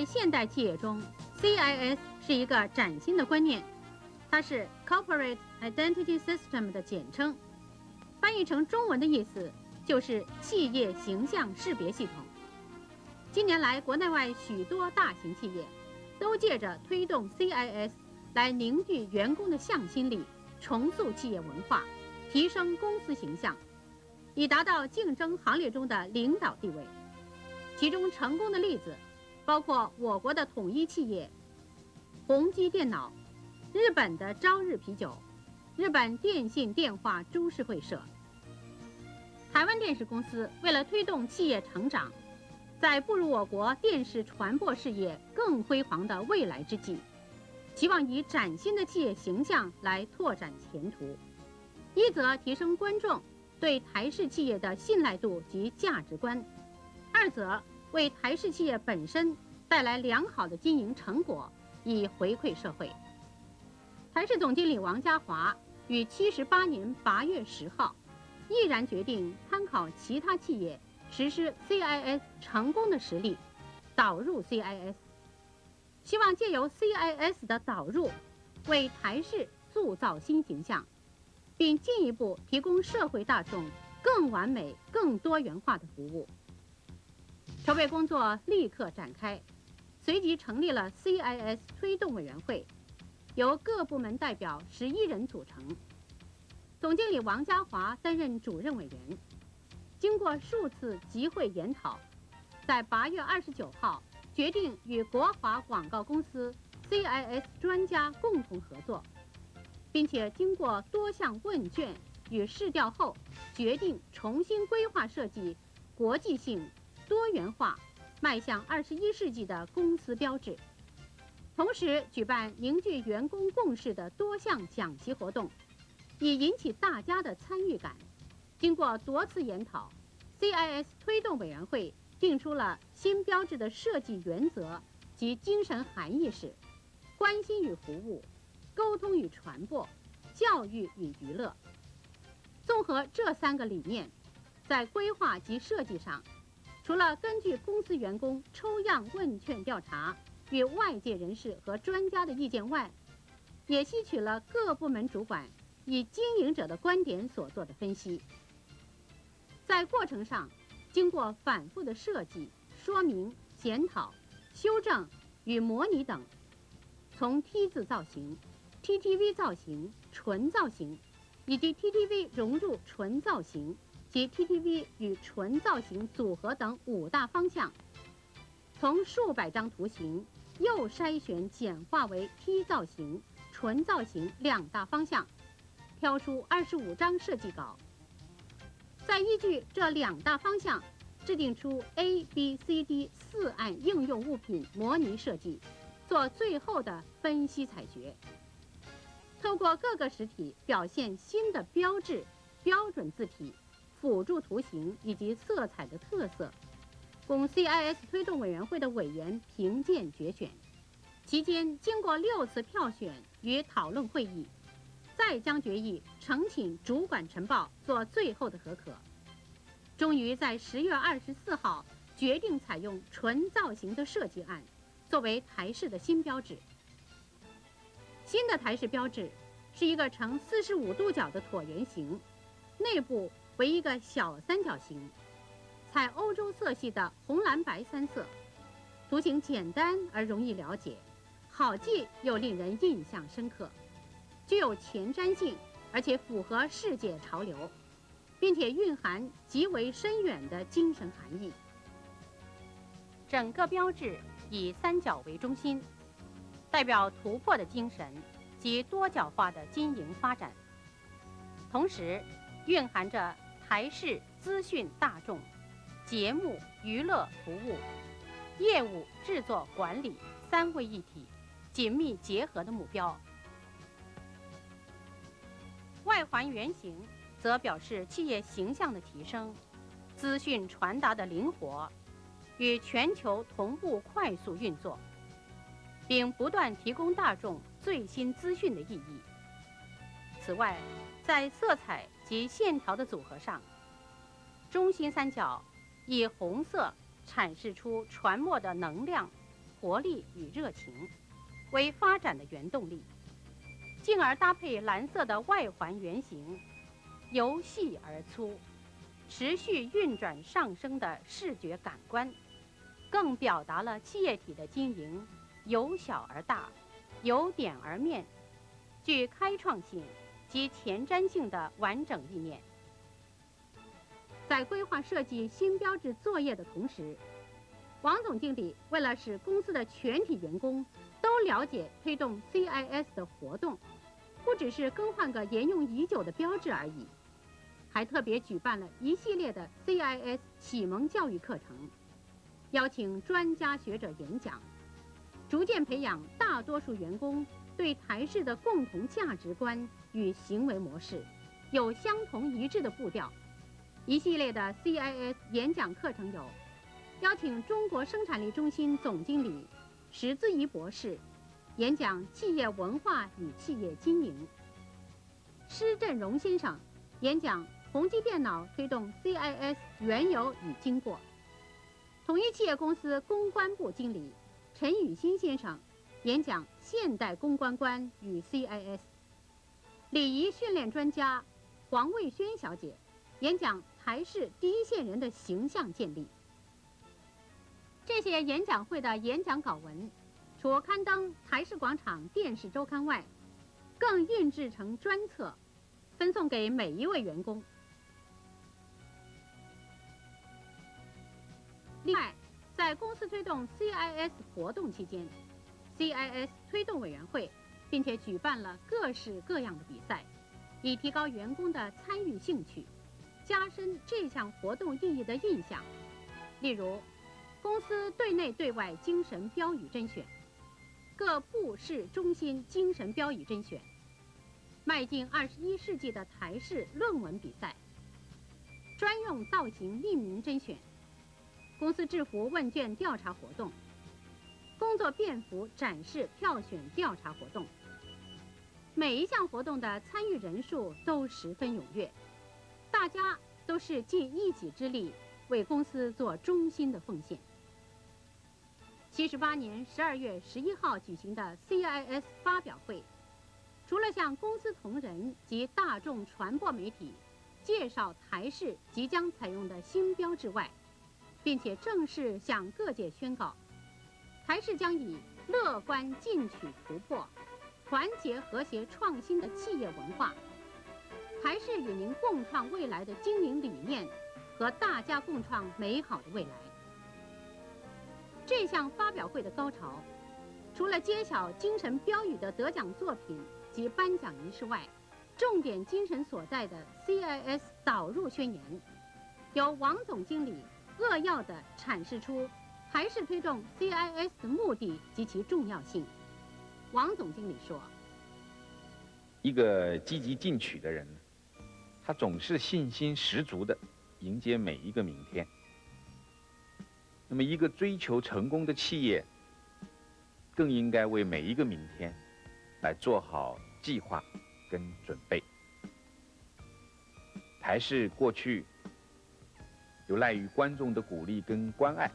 在現代企業中，CIS 是一個嶄新的觀念，它是 Corporate Identity System 的簡稱，翻譯成中文的意思就是企業形象識別系統。近年來，國內外許多大型企業都借着推動 CIS 來凝聚員工的向心力，重塑企業文化，提升公司形象，以達到競爭行列中的領導地位。其中成功的例子。包括我國的統一企業、宏基電腦、日本的朝日啤酒、日本電信電話株式會社、台灣電視公司，為了推動企業成長，在步入我國電視傳播事業更輝煌的未來之際，希望以嶄新的企業形象來拓展前途，一則提升觀眾對台視企業的信賴度及價值觀，二則。為台視企業本身帶來良好的經營成果，以回饋社會。台視總經理王家華於七十八年八月十號，毅然決定參考其他企業實施 CIS 成功的實例，導入 CIS，希望借由 CIS 的導入，為台視塑造新形象，並進一步提供社會大眾更完美、更多元化的服務。籌備工作立刻展開，隨即成立了 CIS 推動委員會，由各部門代表十一人組成。總經理王家華擔任主任委員。經過數次集會研討，在八月二十九號決定與國華廣告公司 CIS 專家共同合作，並且經過多項問卷與試調後，決定重新規劃設計國際性。多元化，邁向二十一世紀的公司標誌，同時舉辦凝聚員工共識的多項講習活動，以引起大家的參與感。經過多次研討，CIS 推動委員會定出了新標誌的設計原則及精神含義是：關心與服務、溝通與傳播、教育與娛樂。綜合這三個理念，在規劃及設計上。除了根據公司員工抽樣問卷調查與外界人士和專家的意見外，也吸取了各部門主管以經營者的觀點所做的分析。在過程上，經過反覆的設計、說明、檢討、修正與模擬等，從 T 字造型、TTV 造型、純造型，以及 TTV 融入純造型。及 TTV 與純造型組合等五大方向，從數百張圖形又篩選簡化為 T 造型、純造型兩大方向，挑出二十五張設計稿。再依據這兩大方向，制定出 ABCD 四案應用物品模擬設計，做最後的分析採決。透過各個實體表現新的標誌、標準字體。輔助圖形以及色彩的特色，供 CIS 推動委員會的委員評鑑決選。期間經過六次票選與討論會議，再將決議呈請主管陳報做最後的核可。終於在十月二十四號決定採用純造型的設計案，作為台視的新標誌。新的台視標誌是一個呈四十五度角的橢圓形，內部，為一個小三角形，採歐洲色系的紅、藍、白三色，圖形簡單而容易了解，好記又令人印象深刻，具有前瞻性，而且符合世界潮流，並且蘊含極為深遠的精神含義。整個標志以三角為中心，代表突破的精神及多角化的經營發展，同時蘊含着。還是資訊大眾、節目娛樂服務、業務製作管理三位一體緊密結合的目標。外環圓形則表示企業形象的提升、資訊傳達的靈活與全球同步快速運作，並不斷提供大眾最新資訊的意義。此外，在色彩。及線條的組合上，中心三角以紅色闡釋出傳媒的能量、活力與熱情，為發展的原動力；進而搭配藍色的外環圓形，由細而粗，持續運轉上升的視覺感官，更表達了企業體的經營由小而大、由點而面，具開創性，及前瞻性的完整意念，在規劃設計新標誌作業的同時，王總經理為了使公司的全體員工都了解推動 CIS 的活動，不只是更換個沿用已久的標誌而已，還特別舉辦了一系列的 CIS 啟蒙教育課程，邀請專家學者演講，逐漸培養大多數員工。對台視的共同價值觀與行為模式，有相同一致的步調。一系列的 CIS 演講課程有：邀請中國生產力中心總經理石滋宜博士演講《企業文化與企業經營》；施振榮先生演講《宏碁電腦推動 CIS 緣由與經過》；統一企業公司公關部經理陳宇欣先生。演講現代公關官與 CIS，禮儀訓練專家黃衛軒小姐演講台視第一線人的形象建立。這些演講會的演講稿文，除刊登台視廣場電視周刊外，更印製成專冊，分送給每一位員工。另外，在公司推動 CIS 活動期間，CIS 推動委員會，並且舉辦了各式各樣的比賽，以提高員工的參與興趣，加深這項活動意義的印象。例如，公司對內對外精神標語甄選，各部室中心精神標語甄選，邁進二十一世紀的台視論文比賽，專用造型命名甄選，公司制服問卷調查活動。工作便服展示，票選調查活動，每一項活動的參與人數都十分踴躍，大家都是盡一己之力為公司做衷心的奉獻。七十八年十二月十一號舉行的 CIS 發表會，除了向公司同仁及大眾傳播媒體介紹台視即將採用的新標誌外，並且正式向各界宣告。台視將以樂觀進取、突破、團結和諧、創新的企業文化，台視與您共創未來的經營理念，和大家共創美好的未來。這項發表會的高潮，除了揭曉精神標語的得獎作品及頒獎儀式外，重點精神所在的 CIS 導入宣言，由王總經理扼要地闡釋出。台視推動 CIS 的目的及其重要性，王總經理說：“一個積極進取的人，他總是信心十足的迎接每一個明天。那麼，一個追求成功的企業，更應該為每一個明天來做好計劃跟準備。台視過去有賴於觀眾的鼓勵跟關愛。”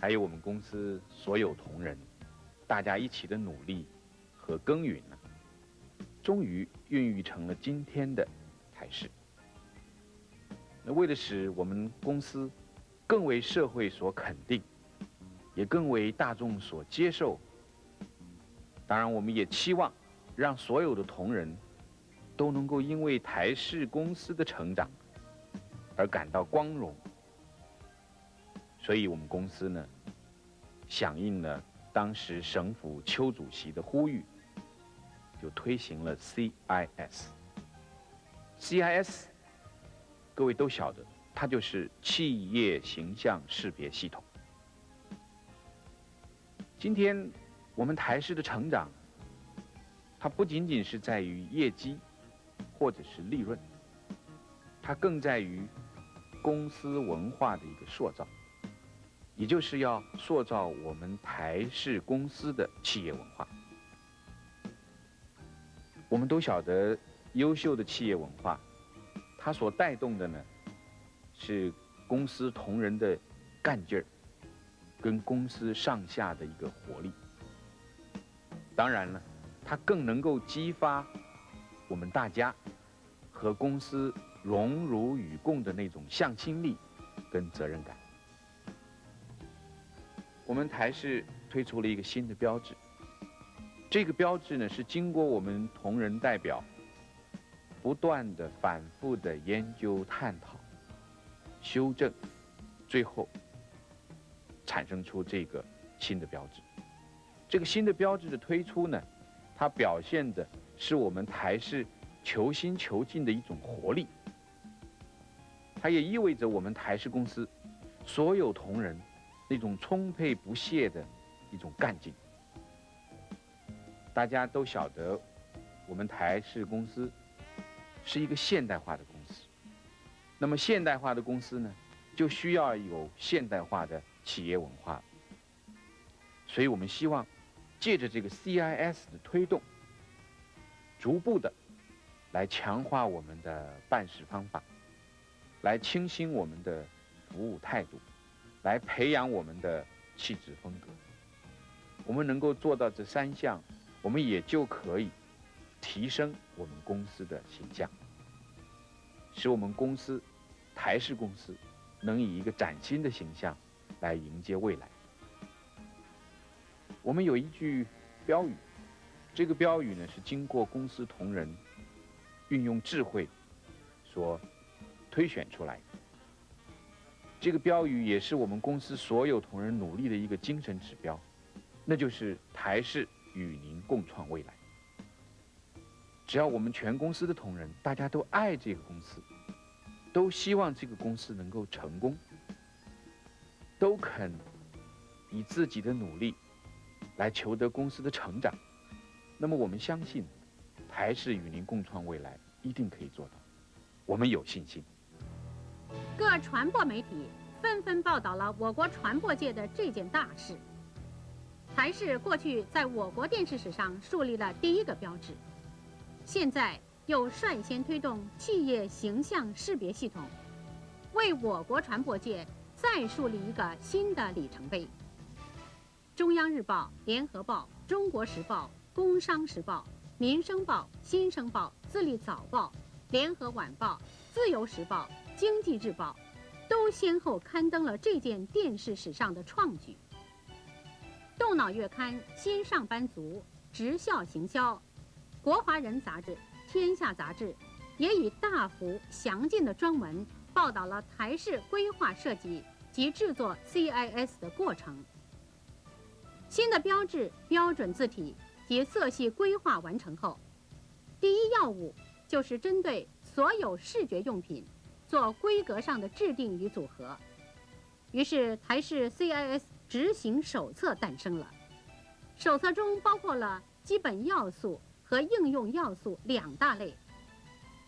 還有我們公司所有同仁，大家一起的努力和耕耘呢，終於孕育成了今天的台式台視。那為了使我們公司更為社會所肯定，也更為大眾所接受，當然我們也期望讓所有的同仁都能夠因為台視公司的成長而感到光榮。所以，我們公司呢，響應了當時省府邱主席的呼籲，就推行了 CIS。CIS，各位都曉得，它就是企業形象識別系統。今天我們台視的成長，它不僅僅是在於業績或者是利潤，它更在於公司文化的一個塑造。也就是要塑造我們台視公司的企業文化。我們都曉得，優秀的企業文化，它所帶動的呢，是公司同仁的幹勁兒，跟公司上下的一個活力。當然了，它更能夠激發我們大家和公司榮辱與共的那種向心力跟責任感。我們台視推出了一個新的標誌，這個標誌呢是經過我們同仁代表不斷的、反覆的研究、探討、修正，最後產生出這個新的標誌。這個新的標誌的推出呢，它表現的是我們台視求新求進的一種活力，它也意味着我們台視公司所有同仁，那種充沛不懈的一種幹勁，大家都曉得，我們台視公司是一個現代化的公司。那麼現代化的公司呢，就需要有現代化的企業文化。所以我們希望借着這個 CIS 的推動，逐步的來強化我們的辦事方法，來清新我們的服務態度。來培養我們的氣質風格，我們能夠做到這三項，我們也就可以提升我們公司的形象，使我們公司台視公司能以一個嶄新的形象來迎接未來。我們有一句標語，這個標語呢是經過公司同仁運用智慧所推選出來的。這個標語也是我們公司所有同仁努力的一個精神指標，那就是台視與您共創未來。只要我們全公司的同仁大家都愛這個公司，都希望這個公司能夠成功，都肯以自己的努力來求得公司的成長，那麼我們相信，台視與您共創未來一定可以做到，我們有信心。各傳播媒體紛紛報道了我國傳播界的這件大事，台視過去在我國電視史上樹立了第一個標誌，現在又率先推動企業形象識別系統，為我國傳播界再樹立一個新的里程碑。中央日報、聯合報、中國時報、工商時報、民生報、新生報、自立早報。聯合晚報、自由時報、經濟日報都先後刊登了這件電視史上的創舉。動腦月刊、新上班族、直效行銷、國華人雜誌、天下雜誌也以大幅詳盡的專文報道了台視規劃設計及製作 CIS 的過程。新的標誌標準字體及色系規劃完成後，第一要務，就是針對所有視覺用品，做規格上的制定與組合，於是台視 CIS 執行手冊誕生了。手冊中包括了基本要素和應用要素兩大類。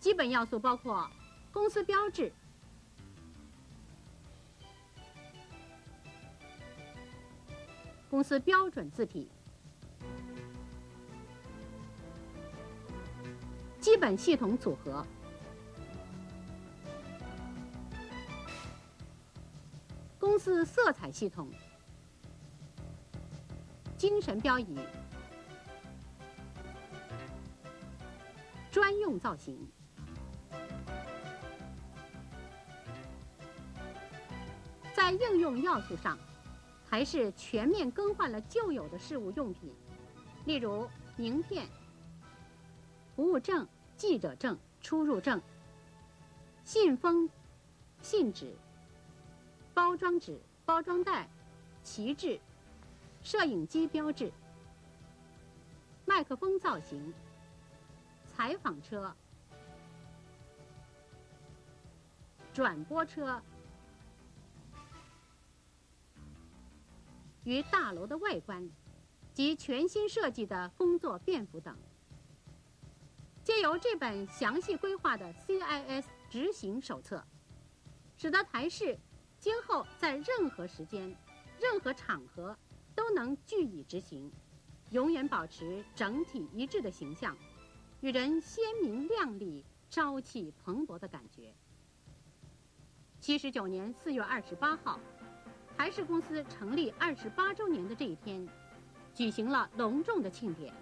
基本要素包括公司標誌、公司標準字體。基本系統組合，公司色彩系統，精神標語，專用造型，在應用要素上，還是全面更換了舊有的事務用品，例如名片。服務證、記者證、出入證、信封、信紙、包裝紙、包裝袋、旗幟、攝影機標誌、麥克風造型、採訪車、轉播車與大樓的外觀及全新設計的工作便服等。借由這本詳細規劃的 CIS 執行手冊，使得台視今後在任何時間、任何場合都能據以執行，永遠保持整體一致的形象，與人鮮明亮麗、朝氣蓬勃的感覺。七十九年四月二十八號，台視公司成立二十八週年的這一天，舉行了隆重的慶典。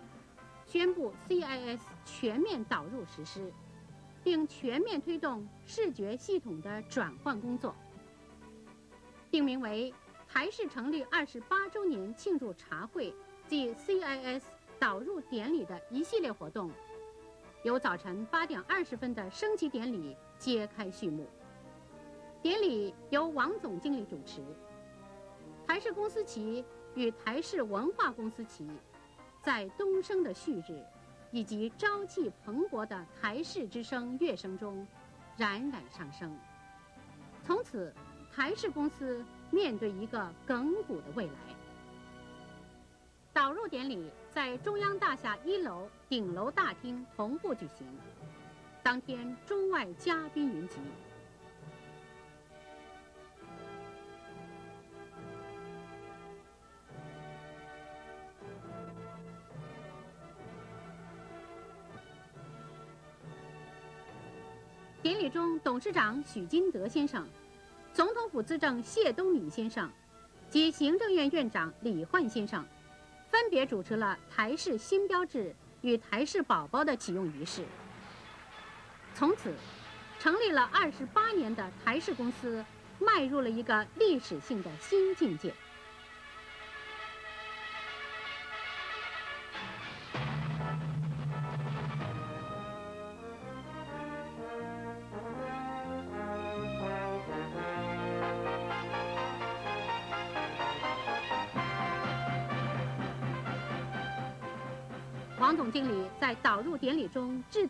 宣布 CIS 全面導入實施，並全面推動視覺系統的轉換工作。定名為台視成立二十八周年慶祝茶會暨 CIS 導入典禮的一系列活動，由早晨八點二十分的升旗典禮揭開序幕。典禮由王總經理主持。台視公司旗與台視文化公司旗。在東昇的旭日，以及朝氣蓬勃的台視之聲樂聲中，冉冉上升。從此，台視公司面對一個亙古的未來。導入典禮在中央大廈一樓頂樓大廳同步舉行，當天中外嘉賓雲集。董事長許金德先生、總統府資政謝東閔先生及行政院院長李煥先生，分別主持了台視新標誌與台視寶寶的啟用儀式。從此，成立了二十八年的台視公司邁入了一個歷史性的新境界。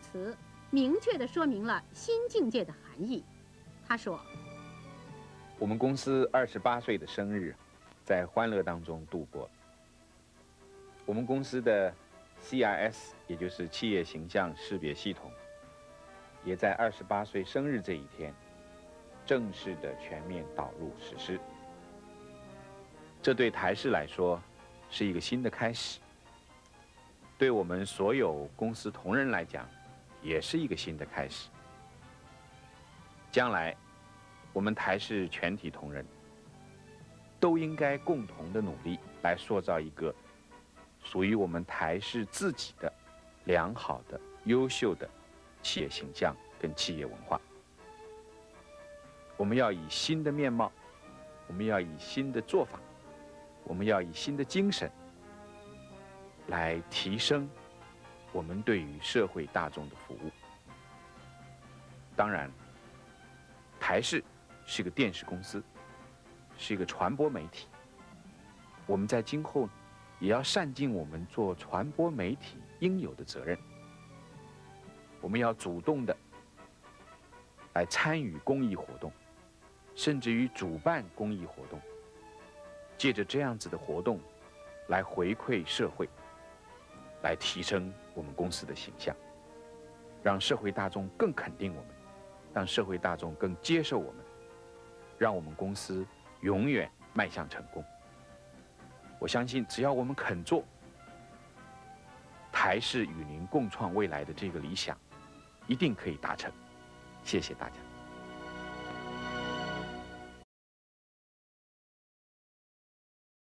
詞明確地說明了新境界的含義。他說：“我們公司二十八歲的生日，在歡樂當中度過。我們公司的 CIS，也就是企業形象識別系統，也在二十八歲生日這一天，正式地全面導入實施。這對台視來說，是一個新的開始。對我們所有公司同仁來講。”也是一個新的開始。將來，我們台視全體同仁都應該共同的努力，來塑造一個屬於我們台視自己的良好的、優秀的企業形象跟企業文化。我們要以新的面貌，我們要以新的做法，我們要以新的精神來提升我們對於社會大眾的服務，當然，台視是個電視公司，是一個傳播媒體。我們在今後也要善盡我們做傳播媒體應有的責任。我們要主動的來參與公益活動，甚至於主辦公益活動，借着這樣子的活動來回饋社會。來提升我們公司的形象，讓社會大眾更肯定我們，讓社會大眾更接受我們，讓我們公司永遠邁向成功。我相信，只要我們肯做，台視與您共創未來的這個理想，一定可以達成。謝謝大家。